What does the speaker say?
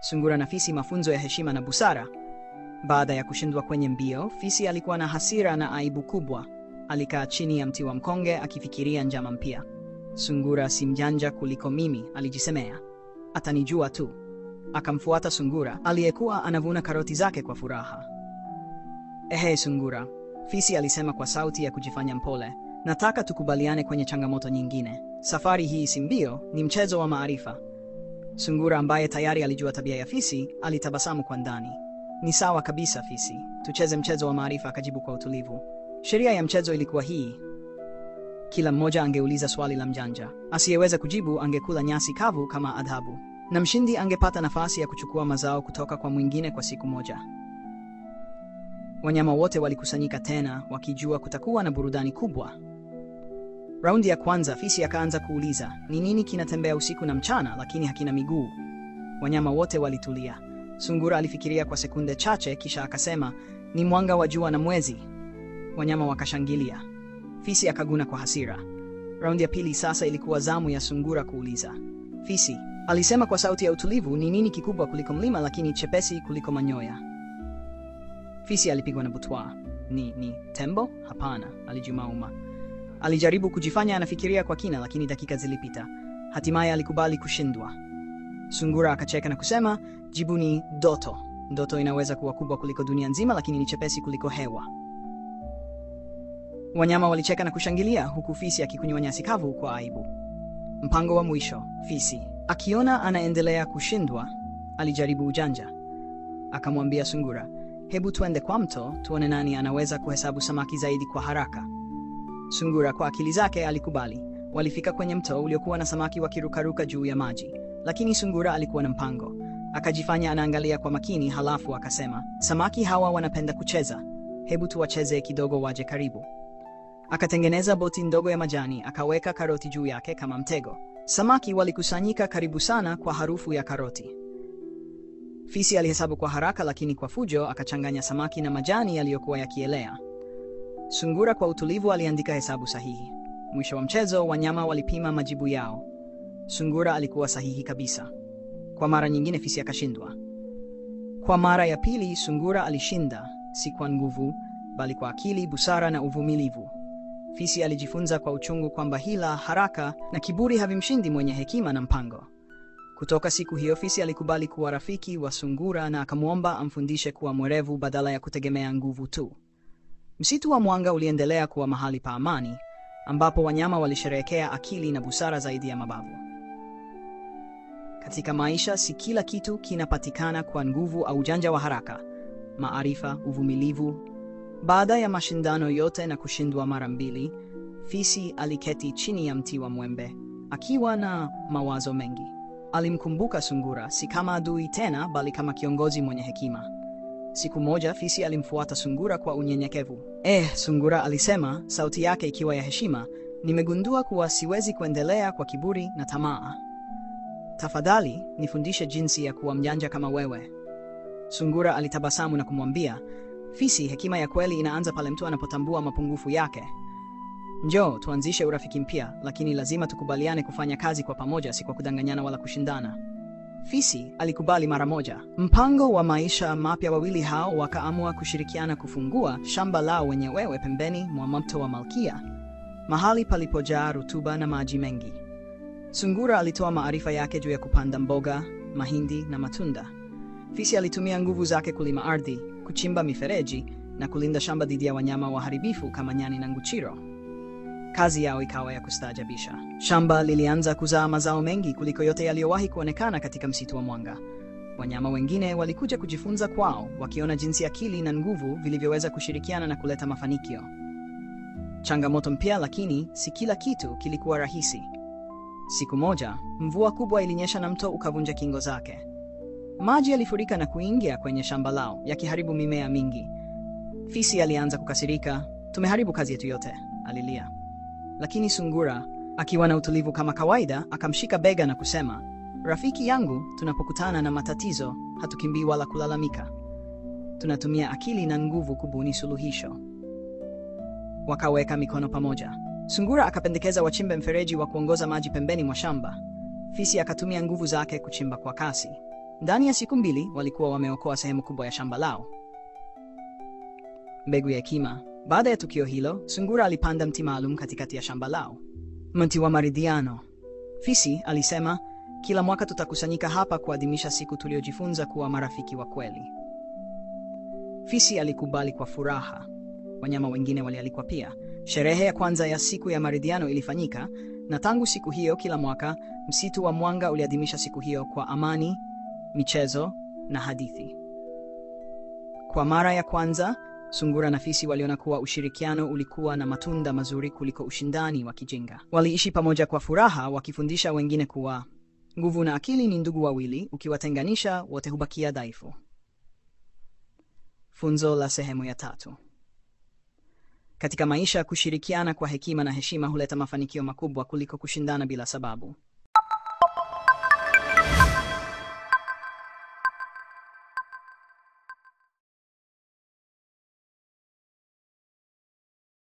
Sungura na Fisi mafunzo ya heshima na busara. Baada ya kushindwa kwenye mbio, Fisi alikuwa na hasira na aibu kubwa. Alikaa chini ya mti wa mkonge akifikiria njama mpya. Sungura si mjanja kuliko mimi, alijisemea. Atanijua tu. Akamfuata Sungura aliyekuwa anavuna karoti zake kwa furaha. Ehe, Sungura, Fisi alisema kwa sauti ya kujifanya mpole. Nataka tukubaliane kwenye changamoto nyingine. Safari hii si mbio, ni mchezo wa maarifa. Sungura ambaye tayari alijua tabia ya fisi alitabasamu kwa ndani. Ni sawa kabisa fisi, tucheze mchezo wa maarifa, akajibu kwa utulivu. Sheria ya mchezo ilikuwa hii: kila mmoja angeuliza swali la mjanja, asiyeweza kujibu angekula nyasi kavu kama adhabu, na mshindi angepata nafasi ya kuchukua mazao kutoka kwa mwingine kwa siku moja. Wanyama wote walikusanyika tena, wakijua kutakuwa na burudani kubwa. Raundi ya kwanza fisi akaanza kuuliza, ni nini kinatembea usiku na mchana lakini hakina miguu? Wanyama wote walitulia. Sungura alifikiria kwa sekunde chache kisha akasema, ni mwanga wa jua na mwezi. Wanyama wakashangilia. Fisi akaguna kwa hasira. Raundi ya pili sasa ilikuwa zamu ya sungura kuuliza. Fisi alisema kwa sauti ya utulivu, ni nini kikubwa kuliko mlima lakini chepesi kuliko manyoya? Fisi alipigwa na butwa. Ni ni tembo? Hapana, alijumauma. Alijaribu kujifanya anafikiria kwa kina, lakini dakika zilipita. Hatimaye alikubali kushindwa. Sungura akacheka na kusema, jibu ni ndoto. Ndoto inaweza kuwa kubwa kuliko dunia nzima, lakini ni chepesi kuliko hewa. Wanyama walicheka na kushangilia, huku fisi akikunywa nyasi kavu kwa aibu. Mpango wa mwisho. Fisi akiona anaendelea kushindwa, alijaribu ujanja. Akamwambia Sungura, hebu tuende kwa mto, tuone nani anaweza kuhesabu samaki zaidi kwa haraka. Sungura kwa akili zake alikubali. Walifika kwenye mto uliokuwa na samaki wakirukaruka juu ya maji, lakini Sungura alikuwa na mpango. Akajifanya anaangalia kwa makini, halafu akasema, samaki hawa wanapenda kucheza, hebu tuwacheze kidogo waje karibu. Akatengeneza boti ndogo ya majani, akaweka karoti juu yake kama mtego. Samaki walikusanyika karibu sana kwa harufu ya karoti. Fisi alihesabu kwa haraka, lakini kwa fujo akachanganya samaki na majani yaliyokuwa yakielea. Sungura kwa utulivu aliandika hesabu sahihi. Mwisho wa mchezo, wanyama walipima majibu yao. Sungura alikuwa sahihi kabisa. Kwa mara nyingine, fisi akashindwa. Kwa mara ya pili, sungura alishinda, si kwa nguvu, bali kwa akili, busara na uvumilivu. Fisi alijifunza kwa uchungu kwamba hila, haraka na kiburi havimshindi mwenye hekima na mpango. Kutoka siku hiyo, fisi alikubali kuwa rafiki wa sungura na akamwomba amfundishe kuwa mwerevu badala ya kutegemea nguvu tu. Msitu wa Mwanga uliendelea kuwa mahali pa amani ambapo wanyama walisherehekea akili na busara zaidi ya mabavu. Katika maisha, si kila kitu kinapatikana kwa nguvu au ujanja wa haraka. Maarifa, uvumilivu. Baada ya mashindano yote na kushindwa mara mbili, Fisi aliketi chini ya mti wa mwembe akiwa na mawazo mengi. Alimkumbuka Sungura si kama adui tena, bali kama kiongozi mwenye hekima. Siku moja fisi alimfuata sungura kwa unyenyekevu. Eh, sungura alisema, sauti yake ikiwa ya heshima, nimegundua kuwa siwezi kuendelea kwa kiburi na tamaa. Tafadhali nifundishe jinsi ya kuwa mjanja kama wewe. Sungura alitabasamu na kumwambia fisi, hekima ya kweli inaanza pale mtu anapotambua mapungufu yake. Njoo tuanzishe urafiki mpya, lakini lazima tukubaliane kufanya kazi kwa pamoja, si kwa kudanganyana wala kushindana. Fisi alikubali mara moja. Mpango wa maisha mapya, wawili hao wakaamua kushirikiana kufungua shamba lao wenyewe pembeni mwa mto wa Malkia, mahali palipojaa rutuba na maji mengi. Sungura alitoa maarifa yake juu ya kupanda mboga, mahindi na matunda. Fisi alitumia nguvu zake kulima ardhi, kuchimba mifereji na kulinda shamba dhidi ya wanyama waharibifu kama nyani na nguchiro. Kazi yao ikawa ya kustaajabisha. Shamba lilianza kuzaa mazao mengi kuliko yote yaliyowahi kuonekana katika msitu wa Mwanga. Wanyama wengine walikuja kujifunza kwao, wakiona jinsi akili na nguvu vilivyoweza kushirikiana na kuleta mafanikio. Changamoto mpya, lakini si kila kitu kilikuwa rahisi. Siku moja mvua kubwa ilinyesha na mto ukavunja kingo zake. Maji yalifurika na kuingia kwenye shamba lao, yakiharibu mimea mingi. Fisi alianza kukasirika. Tumeharibu kazi yetu yote, alilia lakini sungura akiwa na utulivu kama kawaida akamshika bega na kusema, rafiki yangu, tunapokutana na matatizo hatukimbii wala kulalamika, tunatumia akili na nguvu kubuni suluhisho. Wakaweka mikono pamoja. Sungura akapendekeza wachimbe mfereji wa kuongoza maji pembeni mwa shamba. Fisi akatumia nguvu zake kuchimba kwa kasi. Ndani ya siku mbili walikuwa wameokoa sehemu kubwa ya shamba lao. Mbegu ya hekima baada ya tukio hilo, sungura alipanda mti maalum katikati ya shamba lao, mti wa maridhiano. Fisi alisema, kila mwaka tutakusanyika hapa kuadhimisha siku tuliyojifunza kuwa marafiki wa kweli. Fisi alikubali kwa furaha. Wanyama wengine walialikwa pia. Sherehe ya kwanza ya siku ya maridhiano ilifanyika, na tangu siku hiyo, kila mwaka msitu wa Mwanga uliadhimisha siku hiyo kwa amani, michezo na hadithi. Kwa mara ya kwanza Sungura na fisi waliona kuwa ushirikiano ulikuwa na matunda mazuri kuliko ushindani wa kijinga. Waliishi pamoja kwa furaha, wakifundisha wengine kuwa nguvu na akili ni ndugu wawili, ukiwatenganisha wote hubakia dhaifu. Funzo la sehemu ya tatu. Katika maisha, kushirikiana kwa hekima na heshima huleta mafanikio makubwa kuliko kushindana bila sababu.